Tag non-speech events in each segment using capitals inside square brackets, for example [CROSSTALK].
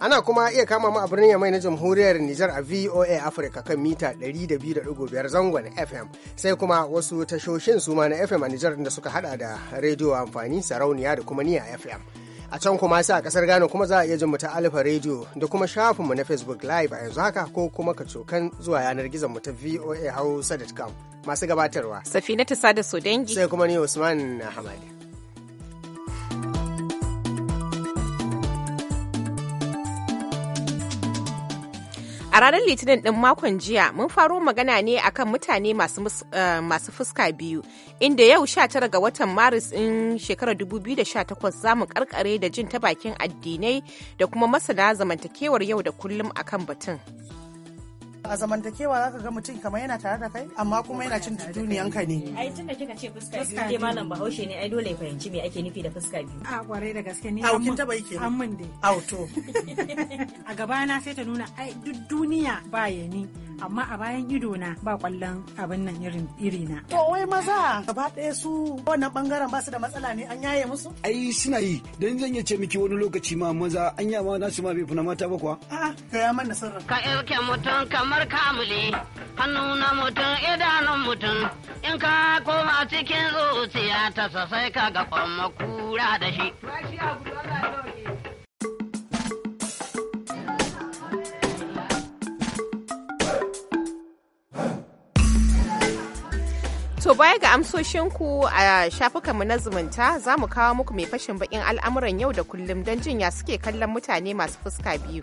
Ana kuma iya kama mu a birnin Yamai na Jamhuriyar Nijar a VOA Africa kan mita biyar zangon FM. Sai kuma wasu tashoshin suma na FM a Nijar da suka hada da rediyo amfani sarauniya da kuma niya FM. A can kuma sai a kasar Ghana kuma za a iya jin mu ta Alfa rediyo da kuma shafinmu na Facebook Live a yanzu haka ko kuma ka cokan zuwa yanar gizon mu ta voahausa.com. Masu gabatarwa. Safina sada Sodengi. Sai kuma ni Usman Ahmad. A ranar Litinin ɗin makon jiya mun faro magana ne akan mutane masu eh, fuska biyu, inda yau 19 ga watan Maris ɗin shekarar 2018 za mu karkare da jin ta bakin addinai da kuma masana zamantakewar yau da kullum akan batun. a zamantakewa za ka ga mutum kamar yana tare da kai amma kuma yana cin duniyan ka ne ai tunda kika ce fuska biyu ke malam bahaushe ne ai dole ya fahimci me ake nufi da fuska biyu a kwarai da gaske ne au kin taba yake an mun dai au to [LAUGHS] a gaba na sai ta nuna ai duk duniya ba ya ni amma a bayan ido na ba kwallon abin nan irin iri na. To wai maza gaba ɗaya su wannan bangaren ba su da matsala ne an yaye musu? Ai suna yi don zan iya ce miki wani lokaci ma maza an na su ma bai fina na mata ba kuwa. A'a ga ya mana sirrin. Ka ɗauke mutum kamar kamar kamule hannu na mutum idanun mutum in ka koma cikin zuciya ta sai ka ga kura da shi To baya ga amsoshinku a shafukanmu na zumunta za mu kawo muku mai fashin bakin al'amuran yau da kullum don jin ya suke kallon mutane masu fuska biyu.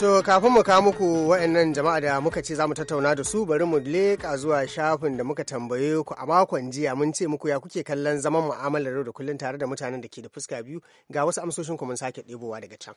To kafin mu kawo muku wa'annan jama'a da muka ce za mu tattauna da su bari mu leƙa zuwa shafin da muka tambaye ku a makon jiya mun ce muku ya kuke kallon zaman mu'amalar yau da kullum tare da mutanen da ke da fuska biyu ga wasu amsoshin ku mun sake ɗebowa daga can.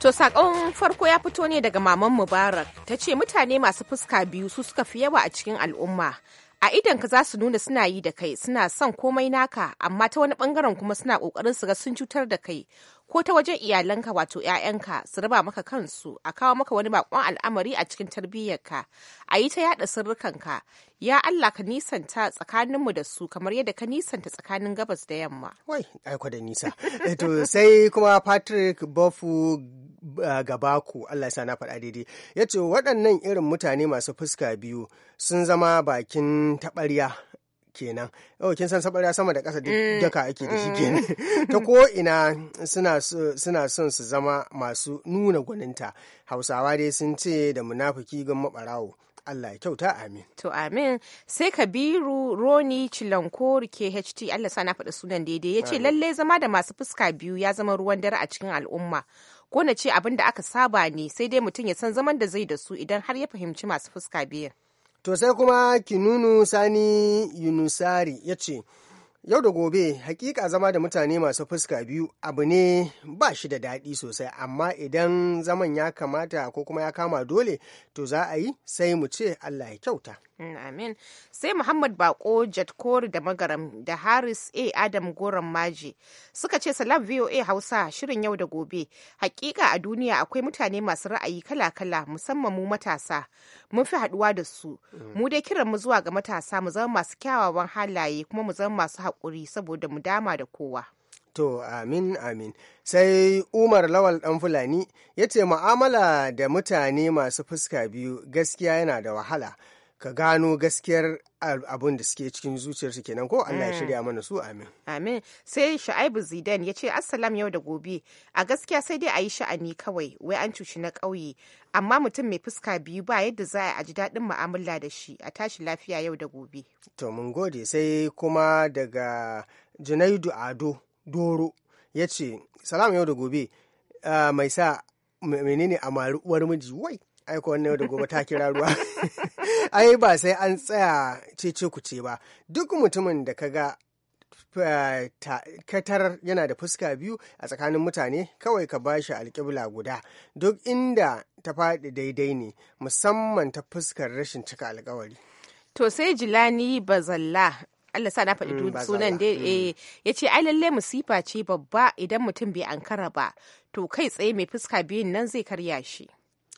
To sakon farko ya fito ne daga Maman Mubarak ta ce mutane masu fuska biyu su suka fi yawa a cikin al'umma a idan ka za su nuna suna yi da kai suna son komai naka amma ta wani bangaren kuma suna kokarin su ga sun cutar da kai ko ta wajen iyalanka wato 'ya'yanka su raba maka kansu a kawo maka wani bakon al'amari a cikin tarbiyyarka a yi ta yada sirrikanka ya Allah ka nisanta tsakaninmu da su kamar yadda ka nisanta tsakanin gabas da yamma wai aiko da nisa eh, to sai kuma Patrick Bofu gabaku Allah sa na faɗa daidai ya ce waɗannan irin mutane masu fuska biyu sun zama bakin taɓarya kenan yau oh, kin san ya sama da ƙasa mm. daka ake da shi mm. kenan [LAUGHS] ta ko ina suna son su zama masu nuna gwaninta hausawa dai sun ce da munafuki gan maɓarawo Allah ya kyauta amin. To amin sai Kabiru Roni Cilanko KHT Allah na faɗa sunan daidai ya ce lallai zama da masu fuska biyu ya zama ruwan dare a cikin al'umma. Ko na ce abin da aka saba ne sai dai mutum ya san zaman da zai da su idan har ya fahimci masu fuska biyan. To sai kuma Kinunu Sani Yunusari ya ce, Yau da gobe hakika zama da mutane masu fuska biyu abu ne ba shi da daɗi sosai amma idan zaman ya kamata ko kuma ya kama dole to za a yi sai mu ce Allah ya kyauta. Mm, amin. Sai Muhammad Bako Jatkori da Magaram da Haris A. Adam Goran Maji suka ce salam VOA Hausa shirin yau da gobe. Hakika a duniya akwai mutane masu ra'ayi kala-kala musamman mu matasa. Mun fi haduwa da su. Mm. Mu dai kiran mu zuwa ga matasa mu zama masu kyawawan halaye kuma mu zama masu haƙuri saboda mu dama da kowa. To amin amin. Sai Umar Lawal ɗan Fulani ya ce ma'amala da mutane masu fuska biyu gaskiya yana da wahala. Ka gano gaskiyar abun da suke cikin zuciyar su kenan ko Allah ya mm. shirya mana su amin. Amin. Sai sha'ibu Zidan ya ce Assalam yau da gobe. A gaskiya sai dai a yi sha'ani kawai wai an cuci na ƙauye. Amma mutum mai fuska biyu ba yadda za a ji daɗin ma'amala da shi a tashi lafiya yau da gobe. To mun gode sai kuma daga Junaidu Ado doro ya ce salam yau da gobe ah, mai sa menene a mari uwar miji wai aiko wannan yau da gobe ta kira ruwa [LAUGHS] ai ba sai an tsaya cece ku ce ba duk mutumin da ka ga ah, katar yana da fuska biyu a tsakanin mutane kawai ka ba shi alƙibla guda duk inda ta faɗi daidai ne musamman ta fuskar rashin cika alkawari to sai jilani bazalla Allah sa na faɗi mm, sunan dai mm. eh, ya ce ai lalle musifa ce babba idan mutum bai ankara ba to kai tsaye mai fuska biyun nan zai karya shi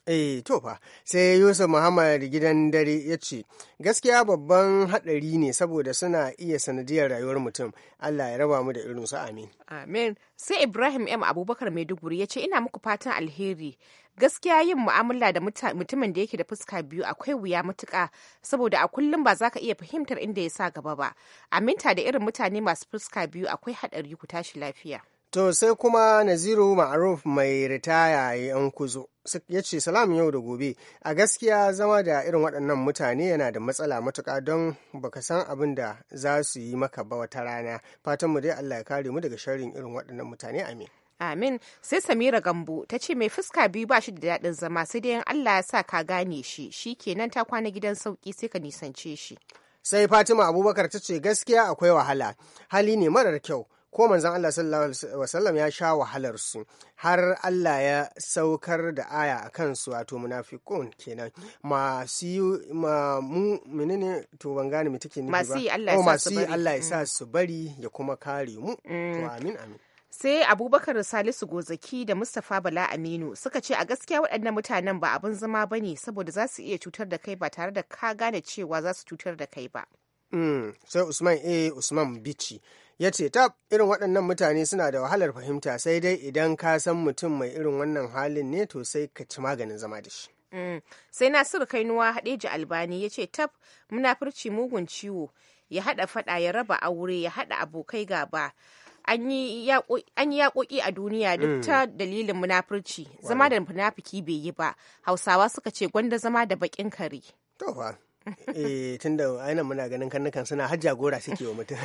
Eh, to fa, sai Yusuf Muhammad gidan dare ya ce, gaskiya babban haɗari ne saboda suna iya sanadiyar rayuwar mutum. Allah ya raba mu da irin su amin. Amin. Sai Ibrahim M. Abubakar Maiduguri ya ce, ina muku fatan alheri. Gaskiya yin mu'amala da mutumin da yake da fuska biyu akwai wuya matuƙa saboda a kullum ba za ka iya fahimtar inda ya sa gaba ba. Aminta da irin mutane masu fuska biyu akwai haɗari ku tashi lafiya. To sai kuma Naziru Ma'aruf mai ritaya yan kuzo ya ce salam yau da gobe a gaskiya zama da irin waɗannan mutane yana da matsala matuƙa don baka san abin da za su yi maka ba wata rana fatan mu dai Allah ya kare mu daga sharrin irin waɗannan mutane amin amin sai samira gambo ta ce mai fuska biyu ba shi da daɗin zama sai dai Allah ya sa ka gane shi shi kenan ta kwana gidan sauki sai ka nisance shi sai fatima abubakar ta ce gaskiya akwai wahala hali ne marar kyau ko manzon Allah sallallahu alaihi ya sha wahalar su har Allah ya saukar da aya a kansu wato munafiqun kenan masu yi ma mu menene to ban gane me masu yi Allah ya oh, mm. sa su bari ya kuma kare mu to mm. amin amin sai abubakar salisu gozaki da mustapha bala aminu suka ce a gaskiya waɗannan mutanen ba abin zama ba ne saboda za su iya cutar da kai ba tare da ka gane cewa za su cutar da kai ba mm. sai usman a eh, usman bici ya ce tab irin waɗannan mutane suna da wahalar fahimta sai dai idan ka san mutum mai irin wannan halin ne to sai ka ci maganin zama da shi mm. sai nasiru kainuwa haɗeji albani ya ce tab munafurci mugun ciwo ya haɗa faɗa ya raba aure ya haɗa abokai gaba an yi yaƙoƙi a duniya duk mm. ta dalilin munafurci zama da munafiki bai yi ba hausawa suka ce gwanda zama da baƙin kare eh tunda ainihin muna ganin karnukan suna hajja gora suke wa mutum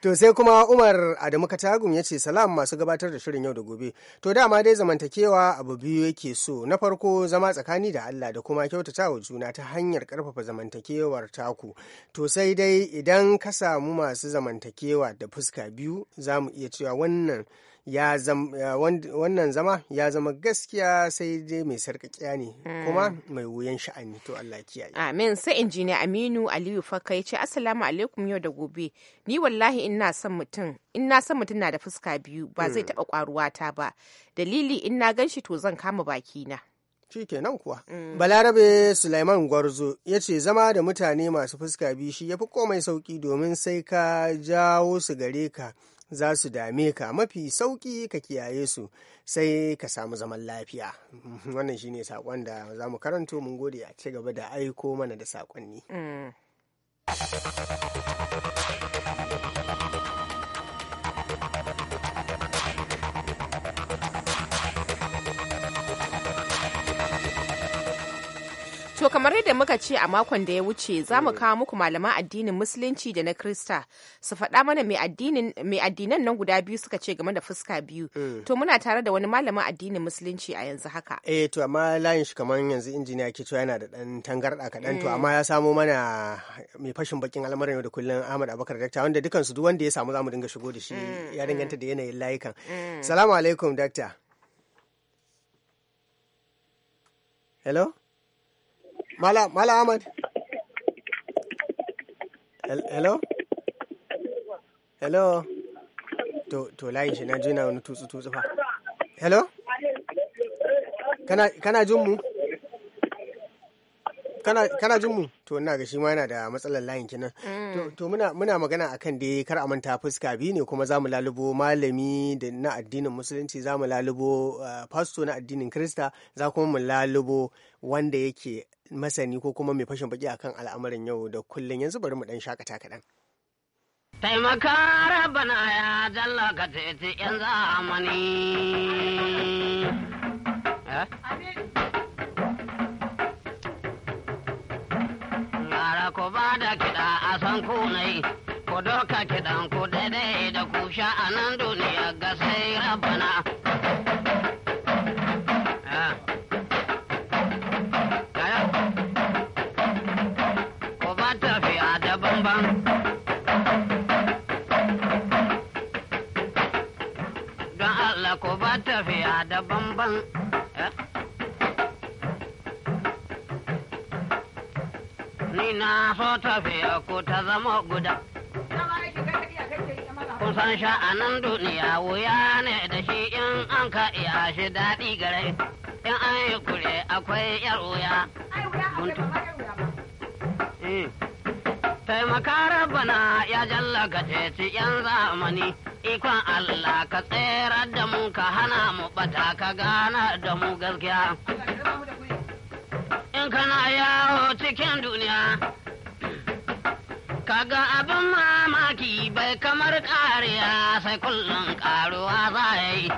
[LAUGHS] to sai kuma umar adamu katagum ya ce salam masu gabatar da shirin yau da gobe to dama dai zamantakewa abu biyu yake so na farko zama tsakani da allah da kuma kyautata wa juna ta hanyar karfafa zamantakewar taku to sai dai idan ka samu masu zamantakewa da fuska biyu za mu iya cewa wannan ya wannan zama ya zama gaskiya sai dai mai sarkakiya ne hmm. kuma mai wuyan sha'ani to Allah kiyaye amin sai injiniya Aminu Aliyu Fakai ce assalamu alaikum yau da gobe ni wallahi in na son mutum in na mutum na da fuska biyu ba zai hmm. taɓa ƙwaruwata ba dalili in na gan to zan kama bakina na. kenan kuwa hmm. balarabe sulaiman gwarzo ya ce zama da mutane masu fuska biyu shi ya fi komai sauki domin sai ka jawo su gare ka za su dame ka mafi sauƙi ka kiyaye su sai ka samu zaman lafiya [LAUGHS] wannan shine saƙon da za mu karanto mun gode a ci gaba da aiko mana da saƙonni. Mm. To kamar yadda muka ce a makon da ya wuce za mu kawo muku malaman addinin musulunci da na krista su faɗa mana mai addinan nan guda biyu suka ce game da fuska biyu. Mm. To muna tare da wani malamin addinin musulunci a yanzu haka. Eh to amma layin shi kamar yanzu injiniya ke cewa yana da ɗan tangarɗa kaɗan to mm. amma ya samo mana mai fashin bakin al'amarin yau da kullum Ahmad Abubakar Dakta wanda dukansu duk wanda ya samu za mu dinga shigo da shi mm, ya danganta da yanayin layukan. Salamu alaikum Dakta. Hello? Mala, Mala Ahmad. Hello? Hello? To, to layin shi na jina wani tutsu tutsu fa. Hello? Kana, kana jin mu? kana jin mu to ina ga shi ma yana da matsalar layin kinan mm. to muna muna magana akan dai kar a manta fuska biyu ne kuma zamu lalubo malami da na addinin musulunci zamu lalubo eh, pastor na addinin krista za kuma mu lalubo wanda yake masani ko kuma mai fashin baki akan al'amarin yau da kullun yanzu bari mu dan shakata kaɗan. taimaka rabana ya jalla ka yan zamani eh? dan kunai ku doka kiɗan ku daidai da kusha a nan duniya ga sai rabana. Ah. Ku tafiya da bambam. Don Allah ku ba tafiya da bambam. Ni na so tafiya ku ta zama guda. Kusan sha'anan duniya wuya ne da shi in an ka iya shi daɗi gare. In an yi kure akwai yar wuya. Eh, taimaka bana ya jallaka ceci yan zamani. ikon Allah ka tsere da mu ka hana mu bata ka gana da mu gaskiya. in kana yawo cikin duniya kaga abin mamaki bai kamar kariya sai kullum karuwa za yi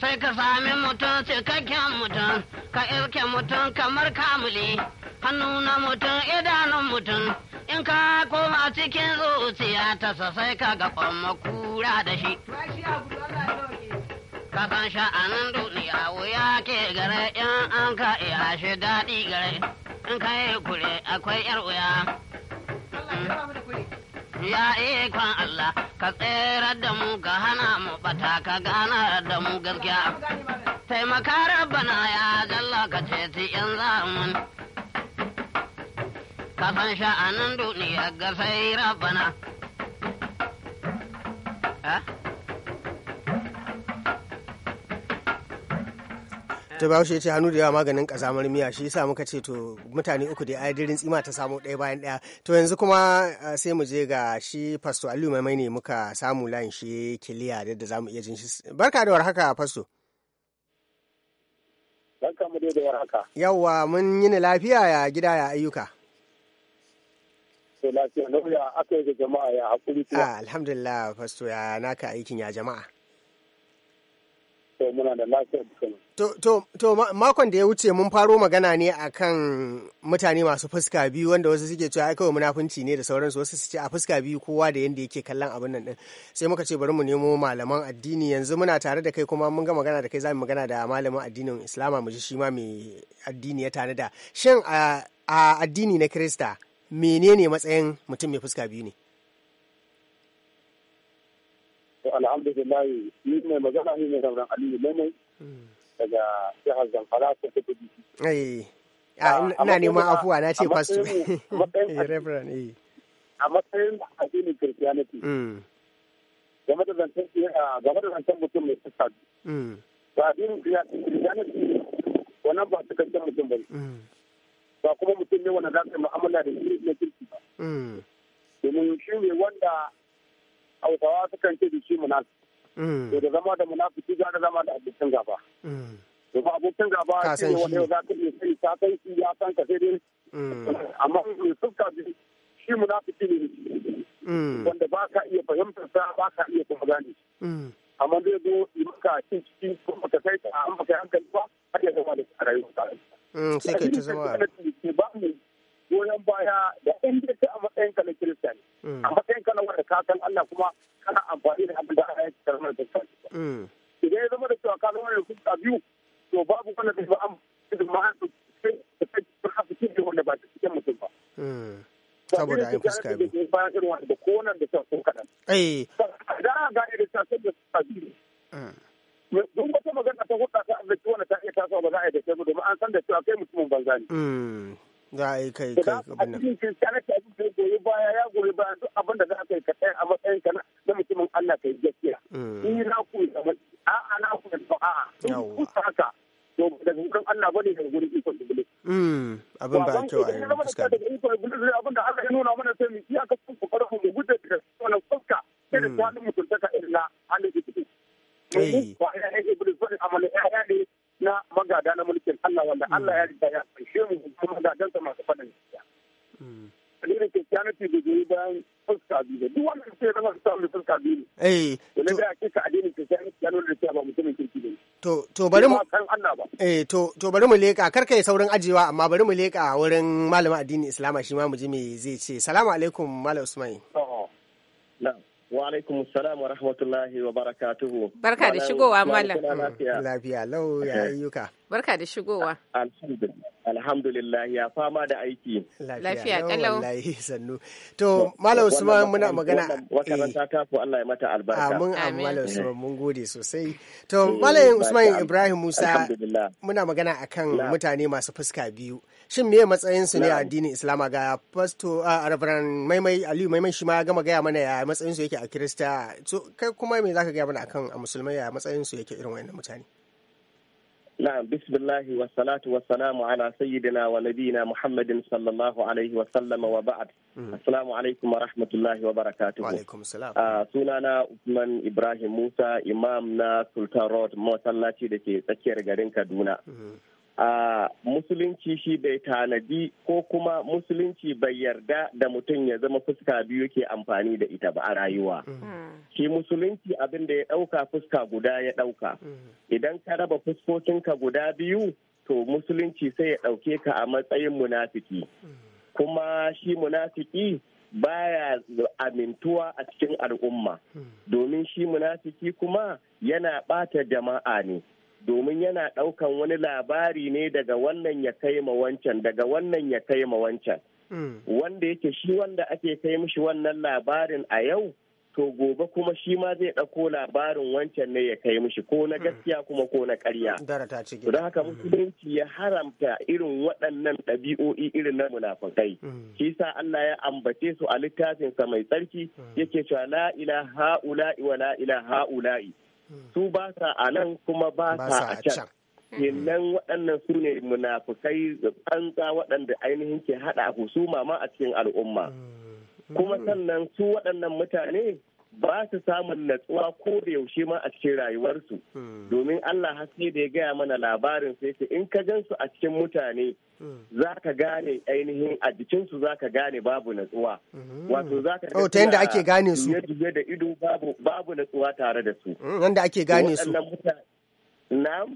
sai ka sami mutum cikakken mutum ka ilke mutum kamar kamuli hannu na mutum idanun mutum in ka koma cikin zuciya ta sai ka ga kura da shi ka san sha'anin duniya wuya ke gare in an ka iya shi daɗi gare in ka yi kure akwai yar wuya. Ya ikon Allah ka tsere da mu ka hana mu bata ka gana da mu gaskiya. Taimaka rabbana ya zalla ka ceci in zamun. Ka san sha'anin duniya ga sai rabbana. Eh? to bahaushe ce hannu da yawa maganin kazamar miya shi yasa muka ce to mutane uku da adirin tsima ta samu ɗaya bayan ɗaya to yanzu kuma eh, sai mu je ga shi fasto aliyu maimai ne muka samu layin shi kiliya da za mu iya jin shi barka da warhaka fasto barka mu da warhaka yawa mun yi ni lafiya ya gida ya ayyuka to lafiya aka yi jama'a ya hakuri ah, alhamdulillah fasto ya naka aikin ya jama'a da To, makon da ya wuce mun faro magana ne a kan mutane masu fuska biyu wanda wasu suke cewa ai kawai munafunci ne da sauransu wasu su ce a fuska biyu kowa da yadda yake kallon abin nan din sai muka ce bari mu nemo malaman addini yanzu muna tare da kai kuma mun ga magana da kai zamu magana da malamin addinin Islama mu ji shi ma mai addini ya tare da shin a addini na Kirista menene matsayin mutum mai fuska biyu ne? to alhamdulillah ni mai magana ne ran aliyu lemai daga jihar zamfara ko kudu eh, ah, ina neman afuwa na ce pasto [LAUGHS] eh, eh. a matsayin addinin christianity mm. game da zancen game da zancen mutum mai fuska ba mm. addinin christianity wannan ba su kanta mutum ba mm. ba kuma mutum ne wanda za ka yi mu'amala da shi na kirki ba domin shi ne wanda hausawa sukan ce da munafi. Mm. to da zama da munafiki ga da zama da abokin gaba mm. To ba abokin gaba shi ne wani yau za ka iya sani ta san shi ya san ka sai dai mm. amma suka bi shi munafiki ne wanda ba ka iya fahimtar sa ba ka iya kuma gane amma zai zo yi maka cikin ciki ko maka sai ta an maka hankali ba har ya zama da a rayuwa sai ka ta zama goyon baya da in dai a matsayin ka na kirista ne mm. a matsayin ka na wanda ka san Allah kuma kana amfani da abin da Allah ya tsara mana da kai mm. idan ya zama da cewa ka zama da kuka biyu to babu wanda zai ba am da ma su da kai ka fi cikin wanda ba ta cikin mutum ba mm. saboda ai fuska biyu bayan irin wanda ko wannan da sai ko kadan idan eh. a ga irin ta sai da fuska biyu duk wata magana ta hudda ta arziki wanda ta iya tasowa ba za a yi da kai ba domin an san da cewa kai mutumin banza ne za a yi kai kai abin nan baya ya goyi baya duk abin da za ka yi ka a matsayin ka na mutumin Allah ka yi gaskiya mm. ni na ku a a na ba a a haka to daga Allah daga ikon dubule mm, abin ba kyau a yi fuska daga ikon dubule abin da Allah ya nuna mana sai mu yi aka kun kokaro mu gudu da wannan fuska mm. mutuntaka irin na halin da kike ya yi iblis ba amana ya ne na magada na mulkin Allah wanda hmm. Allah ya riga ya fanshe mu kuma magadansa masu faɗin gaskiya. Hmm. Dalilin Christianity da goyi bayan fuska biyu da duk wanda ke zama samun fuska biyu ne. Eh. Wani da ake ka addinin Christianity ya nuna da cewa ba mutumin kirki ne. To to bari mu eh to to bari mu leka kar kai saurin ajewa amma bari mu leka wurin malamin addini Islama shi ma mu ji me zai ce. Salamu alaikum Malam Usman. Wa Wa alaikum salam wa rahmatullahi wa barakatuhu. Barka da shigowa malam. Lafiya lau ya ayyuka. Barka da shigowa. Alhamdulillah ya fama da aiki. Lafiya kalau. Wallahi [LAUGHS] sannu. To malam Usman muna magana. wata ranta ta ku Allah ya mata albarka. Amin amin malam Usman mun gode sosai. To eh, malam Usman Ibrahim Musa muna magana akan mutane masu fuska biyu. shin me matsayin su ne a addinin islama ga pasto a ah, rabaran maimai aliyu maimai shi ma ya gama gaya mana ya matsayin su yake a kirista so kai kuma me zaka gaya mana akan a musulmai ya matsayin su yake irin wayannan mutane na'am bismillahi wa salamu ala sayyidina wa nabiyina muhammadin sallallahu alaihi wa sallama wa ba'd hmm. assalamu alaikum wa rahmatullahi wa barakatuhu wa alaikum salam ah, sunana Usman Ibrahim Musa imam na Sultan Road masallaci da ke tsakiyar garin Kaduna hmm. a musulunci shi bai tanadi ko kuma musulunci bai yarda da mutum ya zama fuska biyu ke amfani da ita ba a rayuwa mm. Mm. shi musulunci abin da ya ɗauka fuska guda ya ɗauka mm. idan ka raba fuskokinka guda biyu to musulunci sai ya ɗauke ka a matsayin munafiki kuma shi munafiki baya amintuwa a cikin al'umma domin shi munafiki kuma yana ɓata jama'a ne domin yana ɗaukan wani labari ne daga wannan ya kai ma wancan daga wannan ya kai ma wancan mm. wanda yake shi wanda ake kai mishi wannan labarin a yau to gobe kuma shi ma zai ɗauko labarin wancan ne ya kai mishi ko na mm. gaskiya kuma ko na ƙarya. Don haka mm. musulunci ya haramta irin waɗannan ɗabi'o'i irin na munafukai. Shi sa Allah ya ambace su a littafinsa mai tsarki yake cewa la ha'ula'i wa la ha'ula'i. su ba sa a nan kuma ba sa a can kenan waɗannan su ne munafukai tsantsa waɗanda ainihin ke haɗa husuma ma a cikin al'umma mm. kuma mm. sannan su waɗannan mutane ba su samun natsuwa ko da yaushe ma a cikin rayuwarsu hmm. domin Allah haske da ya gaya mana labarin sai ce in ka gansu a cikin mutane hmm. za ka gane ainihin a jikinsu za ka gane babu natsuwa hmm. wato za ka ga oh, ta yadda ake gane su da ido babu natsuwa tare da su yadda ake gane su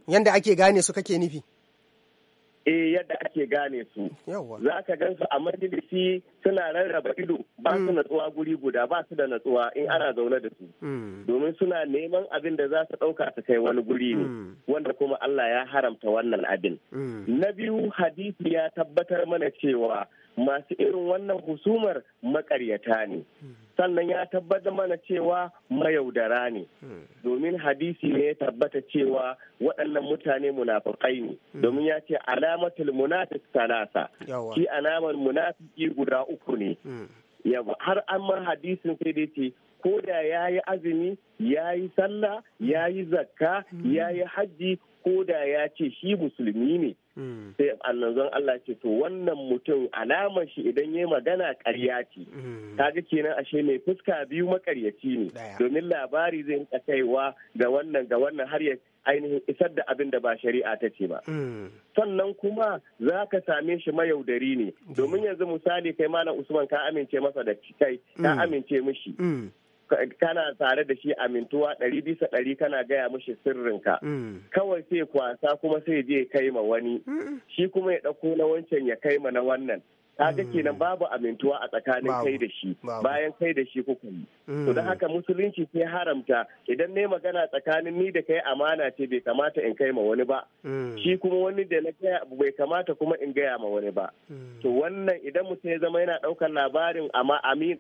Yadda ake gane su kake nufi eh yadda ake gane su za ka gan su a majalisi suna rarraba ido ba su mm. natsuwa guri guda ba su da natsuwa in ana zaune da su mm. domin suna neman abin da za su ɗauka su kai wani guri ne mm. wanda kuma Allah ya haramta wannan abin na biyu hadisi ya tabbatar mana cewa masu irin wannan husumar makaryata ne sannan ya tabbata mana cewa mayaudara ne domin hadisi ne ya tabbata cewa waɗannan mutane munafukai ne hmm. domin ya ce alamatul munafik salasa shi alamar munafiki guda uku ne hmm. har an mar hadisin sai dai ce ko da ya yi azumi ya yi sallah ya yi zakka hmm. ya yi hajji ko da ya ce shi musulmi ne Hmm. sai zan Allah ce to wannan mutum alamar shi idan yayi magana ƙarya ce hmm. kaga kenan ashe mai fuska biyu makaryaci ne domin labari zai kaiwa ga wannan ga wannan har ya ainihin isar da abin da ba shari'a ta ce ba. Hmm. Sannan kuma za ka same shi mayaudari ne, domin yanzu misali kai malam Usman ka amince masa da kai, ka amince mishi. kana tare da shi amintuwa ɗari bisa ɗari kana gaya mushi sirrinka mm. kawai sai kwasa kuma sai je kai ma wani mm. shi kuma ya ɗauko na wancan ya kai ma na wannan kaga hmm. kenan babu amintuwa a tsakanin kai da shi bayan kai da shi kuka yi to don hmm. haka musulunci sai haramta idan ne magana tsakanin ni da kai amana ce bai kamata in kai ma wani ba hmm. shi kuma wani da na kai bai kamata kuma in gaya ma wani ba to wannan idan mutum ya zama yana daukar labarin amma amin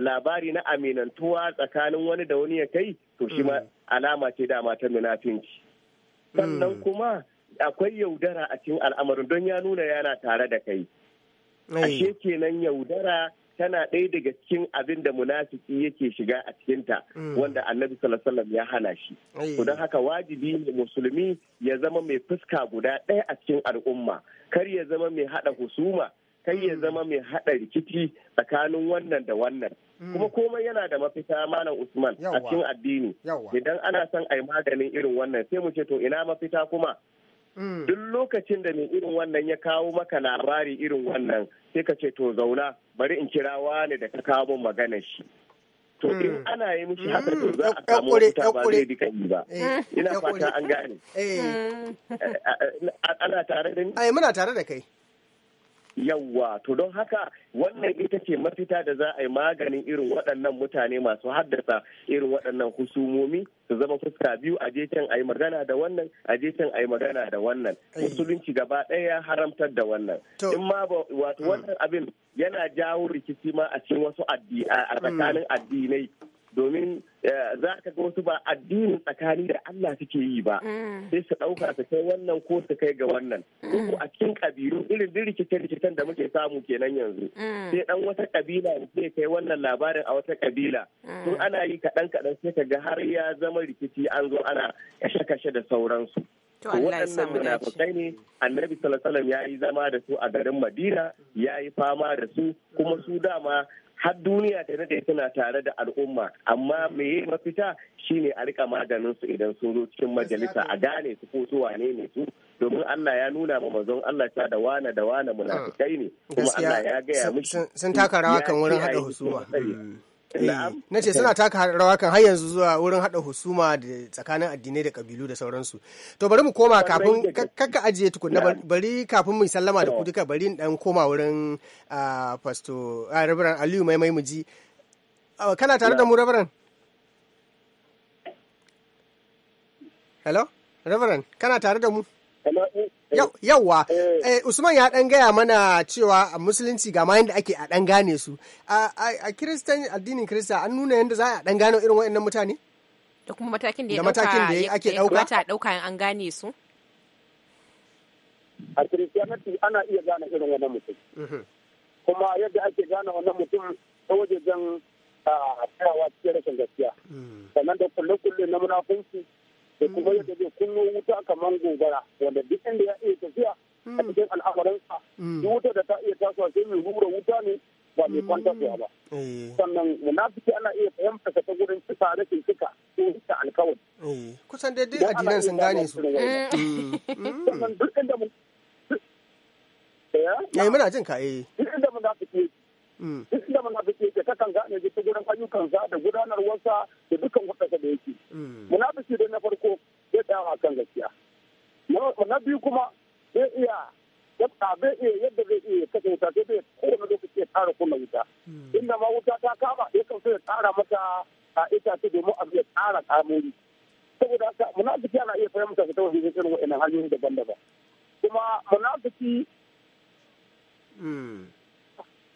labari na aminantuwa tsakanin wani da wani ya kai to shi ma alama ce dama ta munafinci sannan kuma akwai yaudara a cikin al'amarin don ya nuna yana tare da kai ashe kenan yaudara tana ɗaya daga cikin abin da munafiki yake shiga a cikinta mm. wanda annabi sallallahu ya hana shi kudan don haka wajibi ne musulmi ya zama mai fuska guda ɗaya a cikin al'umma kar ya zama mai hada husuma kai ya mm. zama mai hada rikici tsakanin wannan da wannan mm. kuma komai yana da mafita malam usman a cikin addini idan ana son a yi maganin irin wannan sai mu ce to ina mafita kuma duk lokacin da mai irin wannan ya kawo maka labari irin wannan sai ka ce to zauna bari in kira wani da ka kawo magana shi to in ana yi mishi haka to za a samu wuta ba zai dika yi ba ina fata an gane ana tare da ni ai muna tare da kai yawwa to don haka wannan ita ce mafita da za a yi maganin irin waɗannan mutane masu haddasa irin waɗannan husumomi su zama fuska biyu a je can a yi magana da wannan a je can a yi magana da wannan musulunci gaba ɗaya haramtar da wannan in ma wato mm. wannan abin yana jawo rikici ma a cikin wasu a mm. tsakanin addinai domin eh, za ka ga wasu ba addinin tsakani da Allah suke yi ba mm. sai su ɗauka su kai wannan ko su kai ga wannan ko mm. a cikin kabilu irin duk rikice-rikicen da muke samu kenan yanzu mm. sai dan wata kabila zai kai wannan labarin a wata kabila tun ana yi kaɗan kaɗan sai ka ga har ya zama rikici an zo ana kashe-kashe da sauransu to waɗannan kai ne annabi sallallahu ya yi zama da su a garin madina ya yi fama da su kuma su dama har duniya ta nade suna tare da al'umma amma me mafita shine a rika maganin su idan sun zo cikin majalisa a gane su ko su wane ne su domin Allah ya nuna ma manzon Allah ta da wane da wane munafikai ne kuma Allah ya gaya miki sun taka rawa kan wurin hada husuma Eh, na ce suna taka rawa kan har yanzu zuwa wurin hada husuma da tsakanin addinai da kabilu da sauransu to bari mu koma kafin kakka ajiye tukunna bari kafin mu sallama da ku duka bari dan koma wurin ah, pasto ah, rabaran aliyu mai mai muji ah, kana tare da mu rabaran hello rabaran kana tare da mu hello eh, yauwa eh. Eh, Usman ya ɗan gaya mana cewa musulunci ga ma yadda ake a ɗan gane su. A kiristan addinin kirista an nuna yadda za a ɗan gano irin waɗannan mutane? Da kuma matakin da ya ake dauka Da dauka an gane su? A kiristiyanati ana iya gane irin wannan mutum. Mm-hmm. Kuma yadda ake gane wannan mutum ta wajen ah, tsayawa cikin rashin gaskiya. Mm. Sannan da kulle-kulle na munafunci da kuma yadda zai kunno wuta kamar gobara wanda duk inda ya iya tafiya a hmm. cikin al'amarinsa hmm. duk wuta da ta iya tasowa sai mai rura wuta ne ba mai kwantarwa ba eh. sannan munafiki ana iya fahimta ta gurin cika rashin cika ko cika alkawar eh. kusan dai duk adinan sun gane su hmm. [LAUGHS] sannan duk inda mun yi eh, muna jin ka eh duk inda munafiki duk da munafiki ke kakan gane ji ta gurin ayyukansa da gudanarwarsa da dukkan wata da yake mm. munafiki da na farko zai tsaya a kan gaskiya na biyu kuma zai iya yadda bai iya yadda zai iya kasa wuta sai bai kowane lokaci ya tsara kuma wuta mm. inda ma wuta ta kama yakan sai ya tsara mata a ce domin abu ya tsara kamuri saboda haka munafiki ana iya fahimta ta wajen irin wa'in hanyoyi daban-daban kuma munafiki mm.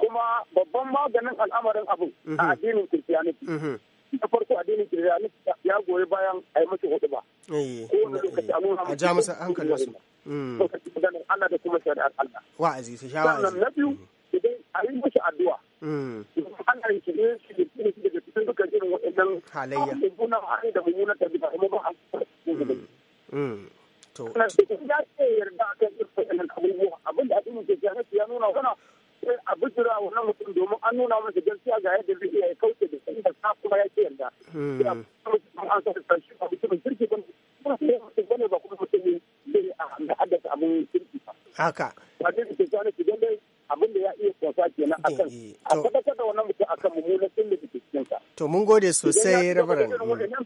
kuma babban maganin al'amarin abin a mhm. addinin Christianity. Mhm. Na farko addinin Christianity ya goyi bayan a yi musu hudu ba. Eh, Ko da eh, lokaci a eh. nuna musu. A ja su. Mm. Lokaci maganin Allah da kuma shari'ar Allah. Wa'azi su sha wa'azi. Sannan na biyu mm. idan a yi musu addu'a. Mm. Ana yin shi ne shi shi daga cikin duka irin waɗannan. Halayya. Mummuna hali da mummuna ta biyu ba mu ba a To. ya ce yarda a kan irin waɗannan abubuwa abin da addinin Christianity ya nuna wana dole a bijira wannan mutum domin an nuna masa gaskiya ga yadda zai iya kauce da sun da kuma ya ce yarda. Hmm. An sa da shi a mutumin kirki ba ne ba kuma mutumin zai a haddasa abin kirki ba. Haka. Ba zai da kyau ne su dai abin da ya iya kwasa kenan akan a eh, eh, tabbatar da wannan mutum akan mummunan sun da ke cikinsa. To mun gode sosai rabaran. Hmm.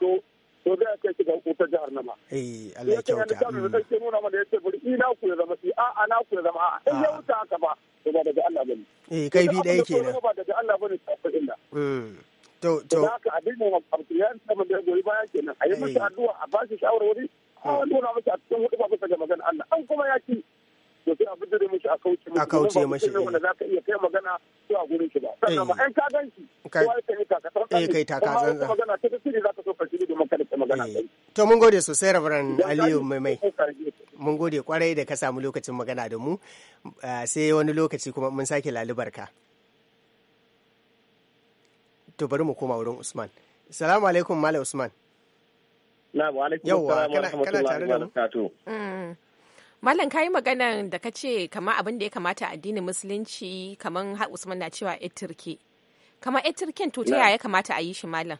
To to da kai shiga wutar jihar nama. Eh Allah ya kyauta. Ya ce nuna mana ya ce bari ina ku ya zama shi a'a na ku ya zama a In ya ah. wuta haka ba. eh bi ɗaya kenan ba daga Allah bane tabbacin da mm. to to da haka abin da goyi baya kenan a yi eh. masa addu'a a ba shi shawarwari a mm. nuna masa a cikin hudu ba bisa ga magana Allah an kuma ya ci to sai a bidire mishi a kauce a kauce eh. wanda zaka iya kai magana zuwa gurin shi ba sannan ma ɗan eh. ka ganci kai eh kai magana ta tsiri zaka so ka shiri magana to mun gode sosai rabaran Aliyu mai mun gode kwarai da ka samu lokacin magana da mu ah, sai wani lokaci kuma mun sake lalubarka. to bari mu koma wurin usman salamu alaikum malam usman na wa alaikum yawwa tare da mu mm. Malam kayi maganan da ka ce kamar abin da ya kamata addinin musulunci kamar har Usman na cewa etirke. Kamar etirken to ta yaya kamata a yi shi malam?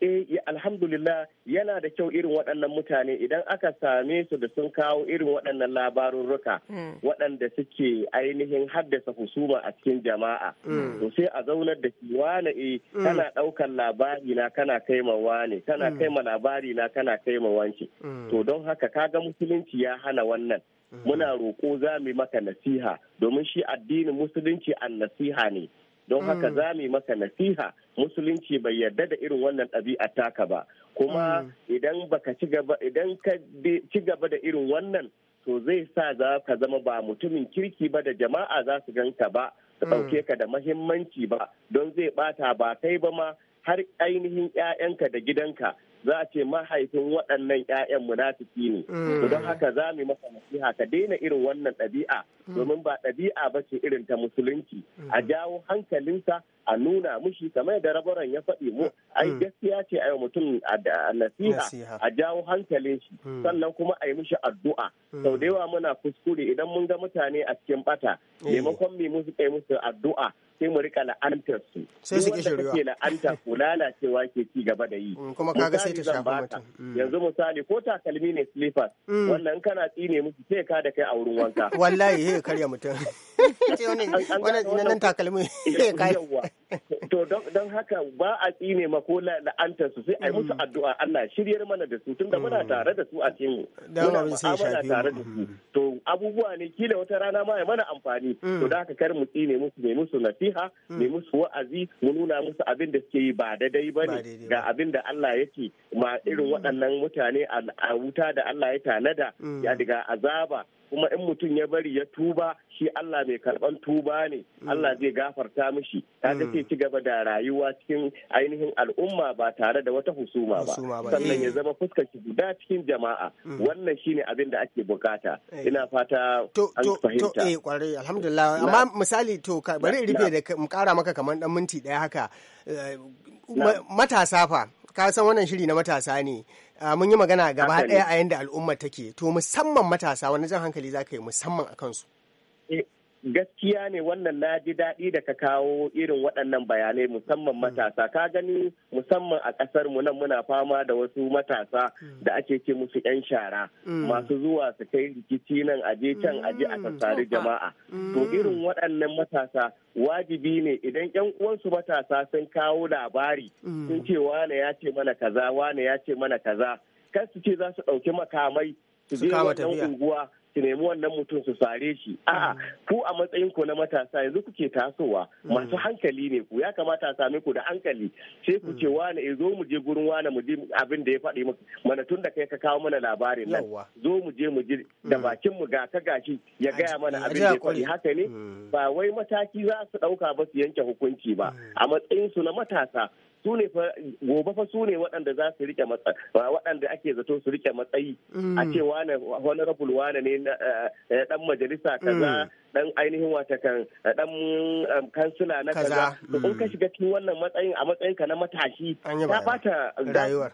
eh alhamdulillah yana da kyau irin waɗannan mutane idan aka same su da sun kawo irin waɗannan labarurruka hmm. waɗanda suke ainihin haddasa husuma a cikin jama'a hmm. to sai a zaunar da wane e kana ɗaukar labari na kana ma wani kana kaima labari na kana kaima wance to don haka kaga musulunci ya hana wannan muna roƙo za mu maka nasiha domin shi addinin musulunci an nasiha ne don haka mm. za mu yi maka nasiha musulunci bai yarda da irin wannan ɗabi'a taka ba kuma mm. idan baka gaba idan ka ci gaba da irin wannan to zai sa za ka zama ba mutumin kirki ba da jama'a za su ganka ba su mm. ɗauke ka da mahimmanci ba don zai ɓata ba kai ba ma har ainihin 'ya'yanka da gidanka za a ce mahaifin waɗannan 'ya'yan munafiki ne mm. don haka za mu yi masa nasiha ka daina irin wannan ɗabi'a mm. domin ba ɗabi'a ba ce irin ta musulunci mm. a jawo hankalinsa a nuna mushi kamar da rabaran ya faɗi mu ai gaskiya ce ai mutum nasiha a jawo hankalin shi sannan kuma yi mushi addu'a sau da yawa muna kuskure idan mun ga mutane a cikin ɓata. maimakon mu musu kai musu addu'a sai mu rika la'antar su sai su kishi ruwa la'anta ko lalacewa ke ci gaba da yi mm, kuma kaga sai ta shafa mutum mm. yanzu misali ko takalmi ne slippers mm. wannan kana tsine musu sai ka da kai a wurin wanka [LAUGHS] wallahi he karya mutum [LAUGHS] [LAUGHS] wannan nan takalmi he kai To don haka ba a tsine ma ko la'antar su sai a yi musu mm. addu'a Allah shiryar mana da su tun da muna mm. tare da su a cikin mu. Muna mu'amala tare da su. Mm. To abubuwa ne kila wata rana ma ya mana amfani. To da haka kar mu tsine musu mai musu nasiha mai musu wa'azi mu nuna musu abin da suke yi ba daidai ba ne ga abin da Allah ya ce ma irin waɗannan mutane a wuta da Allah ya tanada ya daga azaba kuma in mutum ya bari ya tuba shi Allah mai karban tuba ne mm. Allah zai gafarta mishi ta ga mm. ci gaba da rayuwa cikin ainihin al'umma ba tare da wata husuma ba sannan ya eh. zama fuskar shi guda cikin jama'a mm. wannan shine abin da ake bukata eh. ina fata an fahimta to eh kwarai alhamdulillah amma misali to bari rufe da mu kara maka kamar dan minti daya haka eh, matasa fa ka san wannan shiri na matasa ne ah, mun yi magana gaba ɗaya a yanda al'umma take to musamman matasa wani jan hankali za ka yi musamman a kansu eh, gaskiya ne wannan na ji daɗi da ka kawo irin waɗannan bayanai musamman mm. matasa ka gani musamman a ƙasar mu nan muna fama da wasu matasa mm. da ake ce musu 'yan shara mm. masu zuwa su kai rikici nan a je can a je a tattari jama'a to irin waɗannan matasa wajibi ne idan 'yan uwansu matasa sun kawo labari sun ce wane ya ce mana kaza wane ya ce mana kaza kar su ce za su ɗauki makamai su je wannan unguwa ki nemi wannan mutum su sare shi a'a mm. ku a matsayin ku na matasa yanzu kuke tasowa mm. masu hankali ne ku ya kamata a same ku da hankali sai ku ce mm. wane eh, zo mu je gurin wane mu je abin da ya faɗi mana tun da kai ka kawo mana labarin nan zo mu je mu je da bakin mu ga ka gashi ya gaya mana abin da ya faɗi haka ne ba wai mataki za su ɗauka ba su yanke hukunci ba a matsayin su na matasa su fa gobe fa su ne waɗanda za su rike matsayi waɗanda ake zato su rike matsayi mm. a ce wane honorable wane ne dan eh, majalisa mm. kaza dan ainihin wata kan dan eh, eh, kansila na kaza in mm. ka shiga cikin wannan matsayin a matsayin ka na matashi ta bata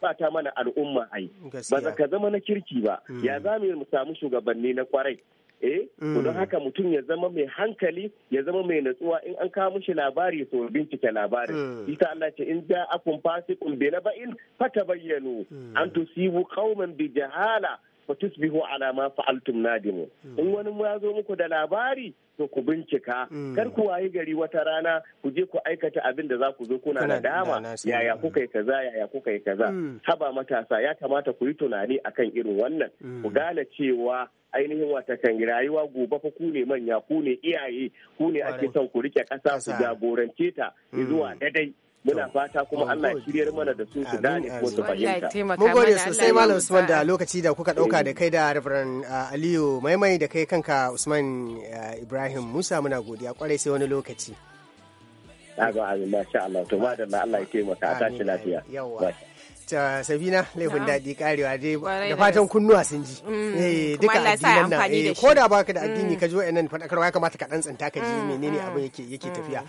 bata mana al'umma ai ba ka zama na kirki ba ya za mu samu shugabanni na kwarai eh don mm. haka mutum ya zama mai hankali ya zama mai natsuwa in an kawo mishi labari so bincike labarin mm. ita Allah ce in ja akun fasikun bi naba'in fatabayyanu mm. an tusibu qauman bi jahala fa bihu ala ma fa'altum nadimu hmm. in wani ya zo muku da labari to ku bincika hmm. kar ku wayi gari wata rana ku je ku aikata abin da za ku zo kuna na dama. yaya kuka yi kaza yaya kuka yi kaza hmm. haba matasa ya kamata ku yi tunani akan irin wannan ku gane cewa ainihin wata kan rayuwa gobe fa ku ne manya ku ne iyaye ku ne ake son ku rike ƙasa su jagorance ta zuwa daidai muna fata kuma Allah ya shiryar mana da su su dane ko su fahimta. Mun gode sosai Malam Usman da lokaci da kuka dauka eh. da kai da Reverend uh, Aliyu Maimai da kai kanka Usman uh, Ibrahim Musa muna godiya kwarai sai wani lokaci. Na azu masha Allah to madalla Allah ya taimaka a tashi lafiya. ta sabina laifin daɗi karewa dai da fatan kunnuwa sun ji mm, eh, duka addinan nan eh, ko da baka da addini mm. ka ji nan fadakarwa ya kamata ka ɗan tsinta ka ji mm, menene abin yake tafiya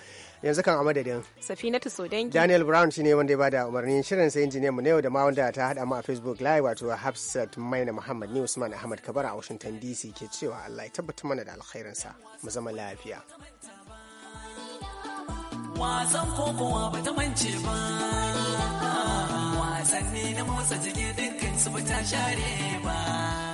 yanzu kan a madadin safinatu dangi. daniel brown shine wanda ya bada umarnin shirin sai injiniyan mu yau da ma wanda ta hada mu a facebook live wato hafsat maina muhammad ni usman ahmad kabara a washington dc ke cewa allah ya tabbata mana da sa mu zama lafiya wasan kokowa ba ta mance ba wasanni na motsa jiki dukkan su ba ta share ba